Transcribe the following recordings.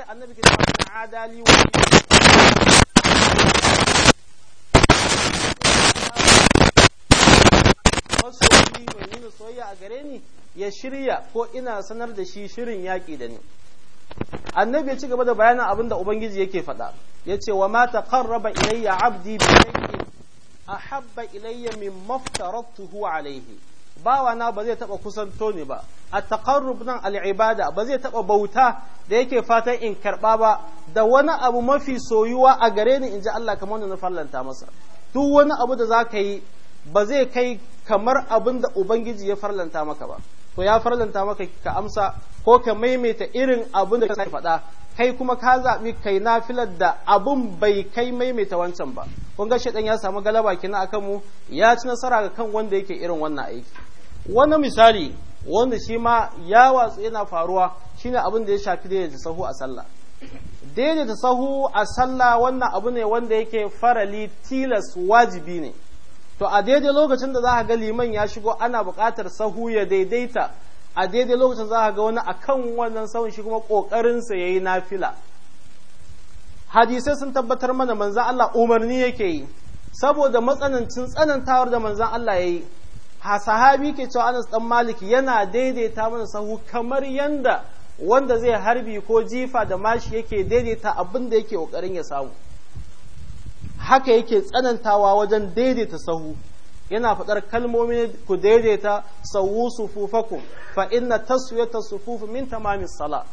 ce annabi ke cewa adali wani masoyi mai nuna soyayya a gare ni ya shirya ko ina sanar da shi shirin yaƙi da ni annabi ya ci gaba da bayanin abin da ubangiji yake faɗa ya ce wa ma taqarraba ilayya abdi bi shay'in ahabba ilayya min maftaratuhu alaihi bawana ba zai taba kusan toni ba a taqarrub nan al-ibada ba zai taba bauta da yake fatan in karɓa ba da wani abu mafi soyuwa a gare ni in ji Allah kamar wanda na fallanta masa duk wani abu da zaka yi ba zai kai kamar abin da ubangiji ya farlanta maka ba to ya farlanta maka ka amsa ko ka maimaita irin abin da ka faɗa kai kuma ka zaɓi kai nafilar da abun bai kai maimaita wancan ba kun ga ya samu galaba kina akan mu ya ci nasara ga kan wanda yake irin wannan aiki wani misali wanda shi ma ya watsu yana faruwa shine abin da ya shafi daidaita sahu a sallah daidaita sahu a sallah wannan abu ne wanda yake farali tilas wajibi ne to a daidai lokacin da za ka ga liman ya shigo ana buƙatar sahu ya daidaita a daidai lokacin za ka ga wani akan wannan sahun shi kuma ƙoƙarinsa ya yi nafila hadisai sun tabbatar mana manzan Allah umarni yake yi saboda matsanancin tsanantawar da manzan Allah ya yi ha sahabi ke cewa Anas dan Malik yana daidaita mana sahu kamar yanda wanda zai harbi ko jifa da mashi yake daidaita abin da yake kokarin ya samu haka yake tsanantawa wajen daidaita sahu yana faɗar kalmomi ku daidaita sawu sufufakum fa inna taswiyata sufuf min tamamis sala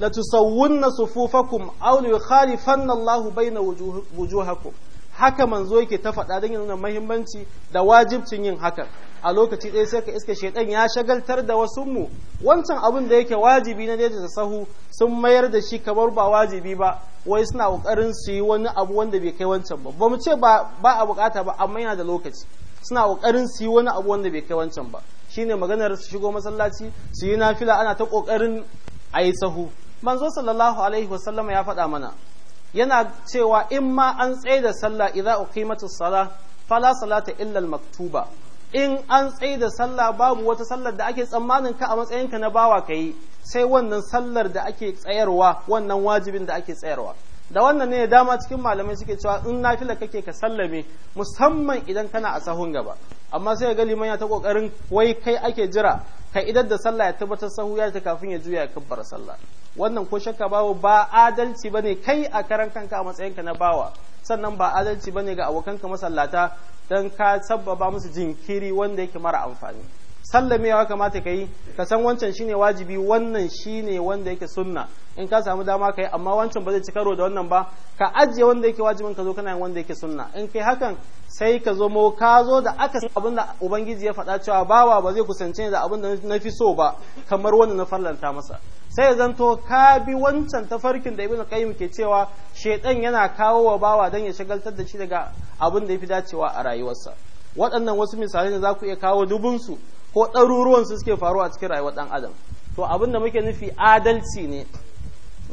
la tusawwunna sufufakum aw yukhalifanna Allahu bayna wujuhakum haka manzo yake ta faɗa don nuna mahimmanci da wajibcin yin hakan a lokaci ɗaya sai ka iska shaidan ya shagaltar da wasu mu wancan abin da yake wajibi na daidaita sahu sun mayar da shi kamar ba wajibi ba wai suna ƙoƙarin su yi wani abu wanda bai kai wancan ba ba mu ce ba a bukata ba amma yana da lokaci suna ƙoƙarin su yi wani abu wanda bai kai wancan ba shine maganar su shigo masallaci su yi nafila ana ta ƙoƙarin a yi sahu manzo sallallahu alaihi wasallama ya faɗa mana yana cewa in ma an tsaye da sallah idza uqimatus salah fala salata illa maktuba in an tsaye da sallah babu wata sallar da ake tsammanin ka a matsayinka na bawa kai sai wannan sallar da ake tsayarwa wannan wajibin da ake tsayarwa da wannan ne dama cikin malamai suke cewa in nafila kake ka sallame musamman idan kana a sahun gaba amma sai ga liman ya ta kokarin wai kai ake jira ka idan da sallah ya tabbatar sahu ya ta kafin ya juya ya kabbara sallah wannan ko shakka babu ba adalci bane kai a karan kanka a matsayinka na bawa sannan ba adalci bane ga abokanka masallata dan ka ba musu jinkiri wanda yake mara amfani sallamewa kamata ka yi ka san wancan shine wajibi wannan shine wanda yake sunna in ka samu dama ka yi amma wancan ba zai ci karo da wannan ba ka ajiye wanda yake wajibin ka zo kana yin wanda yake sunna in kai hakan sai ka zo mo ka zo da aka abin da ubangiji ya faɗa cewa bawa ba zai kusance da abin da na fi so ba kamar wanda na farlanta masa sai ya zanto ka bi wancan tafarkin da ibnu qayyim ke cewa shedan yana kawo wa bawa dan ya shagaltar da shi daga abin da ya fi dacewa a rayuwarsa waɗannan wasu misalai da za ku iya kawo dubunsu ko ɗaruruwan su suke faruwa cikin rayuwar ɗan adam to abin da muke nufi adalci ne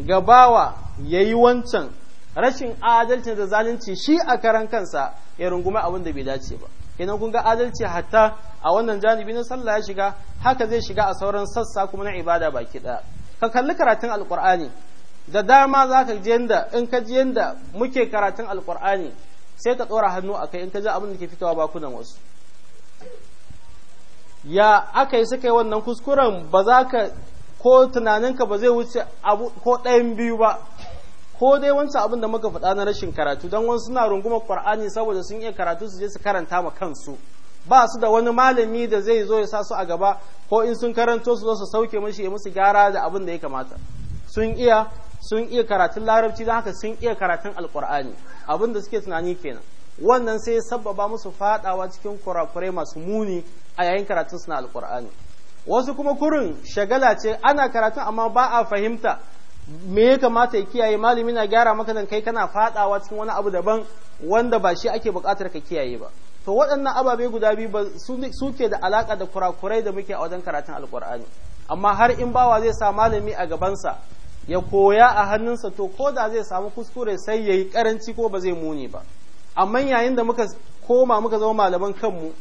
gabawa ya yi wancan rashin adalci da zalunci shi a karan kansa ya rungume abin da bai dace ba kenan kun ga adalci hatta a wannan janibi na sallah ya shiga haka zai shiga a sauran sassa kuma na ibada baki ɗaya ka kalli karatun alkur'ani da dama za ka ji in ka ji yanda muke karatun alkur'ani sai ka ɗora hannu a kai in ka ji abin da ke fitowa bakunan wasu ya aka yi suka yi wannan kuskuren ba za ka ko tunaninka ba zai wuce abu ko ɗayan biyu ba ko dai wancan abin da muka faɗa na rashin karatu don wani suna rungumar ƙwar'ani saboda sun iya karatu su je su karanta ma kansu ba su da wani malami da zai zo ya sa su a gaba ko in sun karanto su zo su sauke mashi ya musu gyara da abin da ya kamata sun iya sun iya karatun larabci don haka sun iya karatun alƙur'ani abin da suke tunani kenan wannan sai sababa musu fadawa cikin kurakurai masu muni a yayin karatun suna alkur'ani wasu kuma kurin shagala ce ana karatu amma ba a fahimta me ya kamata ya kiyaye malami na gyara maka dan kai kana fadawa cikin wani abu daban wanda ba shi ake buƙatar ka kiyaye ba to waɗannan ababe guda biyu ba suke da alaka da kurakurai da muke a wajen karatun alkur'ani amma har in bawa zai sa malami a gabansa ya koya a hannunsa to ko da zai samu kuskure sai ya yi karanci ko ba zai muni ba amma yayin da muka koma muka zama malaman kanmu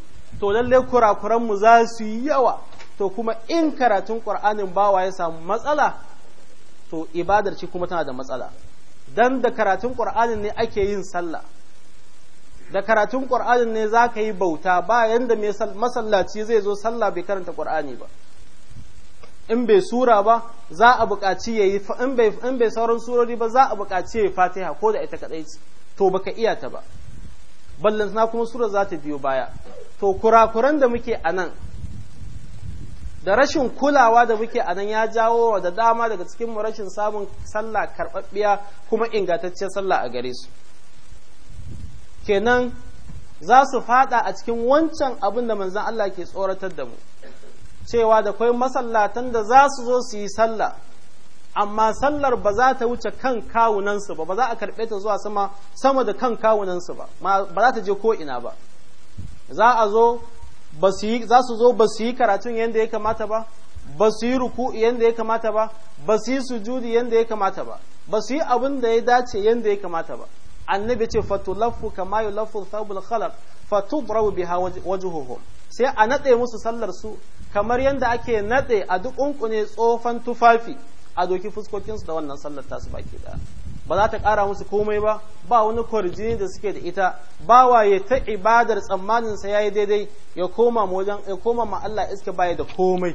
to lallai kurakuranmu za su yi yawa to kuma in karatun ƙur'anin bawa ya samu matsala to ibadar ci kuma tana da matsala dan da karatun ƙur'anin ne ake yin sallah da karatun ƙur'anin ne za ka yi bauta bayan da masallaci zai zo sallah bai karanta ƙur'ani ba in bai sura ba za a buƙaci ya yi in bai sauran surori ba za a buƙaci ya yi fatiha ko da ita kaɗai to baka iya ta ba ballan na kuma sura za ta biyo baya to kurakuran da muke a nan da rashin kulawa da muke a nan ya jawo wa da dama daga cikin mu rashin samun sallah karɓaɓɓiya kuma ingantacciyar sallah a gare su kenan za su fada a cikin wancan abin da manzon Allah ke tsoratar da mu cewa da kwai masallatan da za su zo su yi sallah amma sallar ba za ta wuce kan kawunansu ba ba za a karɓe ta zuwa sama sama da kan kawunansu ba ba za ta je ko ina ba za a zo za su zo ba su yi karatun yadda ya kamata ba ba su yi ruku yadda ya kamata ba ba su yi sujudi yadda ya kamata ba ba su yi abin da ya dace yadda ya kamata ba annabi ce lafu kama yulaffu thawbul khalaq fatudrabu biha wajhuhum sai a natse musu sallar su kamar yadda ake natse a duk unkune tsofan tufafi a doki fuskokinsu da wannan sallar tasu baki daya ba za ta ƙara musu komai ba ba wani kwarjini da suke da ita ba waye ta ibadar tsammaninsa ya yi daidai ya koma wajen ya koma ma Allah iska baya da komai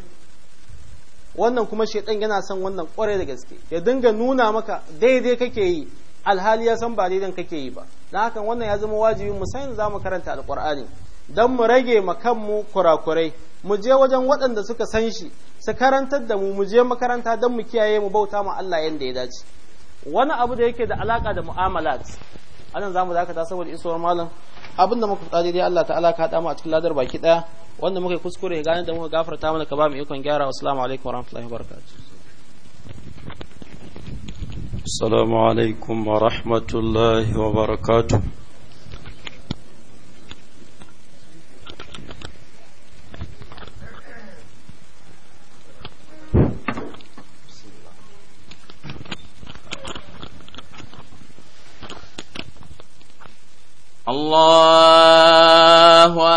wannan kuma shaitan yana son wannan kwarai da gaske ya dinga nuna maka daidai kake yi alhali ya san ba daidan kake yi ba na hakan wannan ya zama wajibi mu sai za mu karanta alqur'ani dan mu rage ma kanmu kurakurai mu je wajen waɗanda suka san shi su karantar da mu mu je makaranta don mu kiyaye mu bauta ma Allah yadda ya dace wani abu da yake da alaka da mu'amalat anan zamu dakata saboda isowar malam abin da muka fadi dai Allah ta ka mu a cikin ladar baki daya wanda muka kuskure ya gane da muka gafarta mana ka ba mu ikon gyara assalamu alaikum warahmatullahi wabarakatuh السلام عليكم الله وبركاته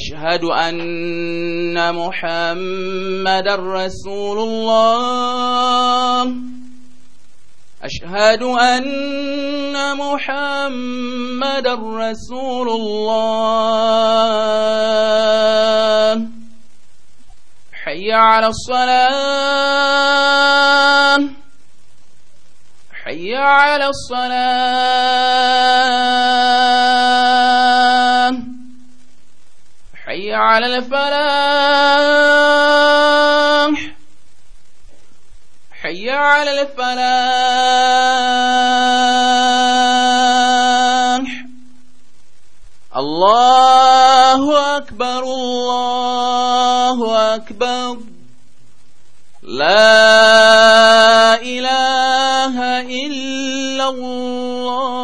أشهد ان محمدا رسول الله اشهد ان محمدا رسول الله حي على الصلاه حي على الصلاه على الفلاح حي على الفلاح الله أكبر الله أكبر لا إله إلا الله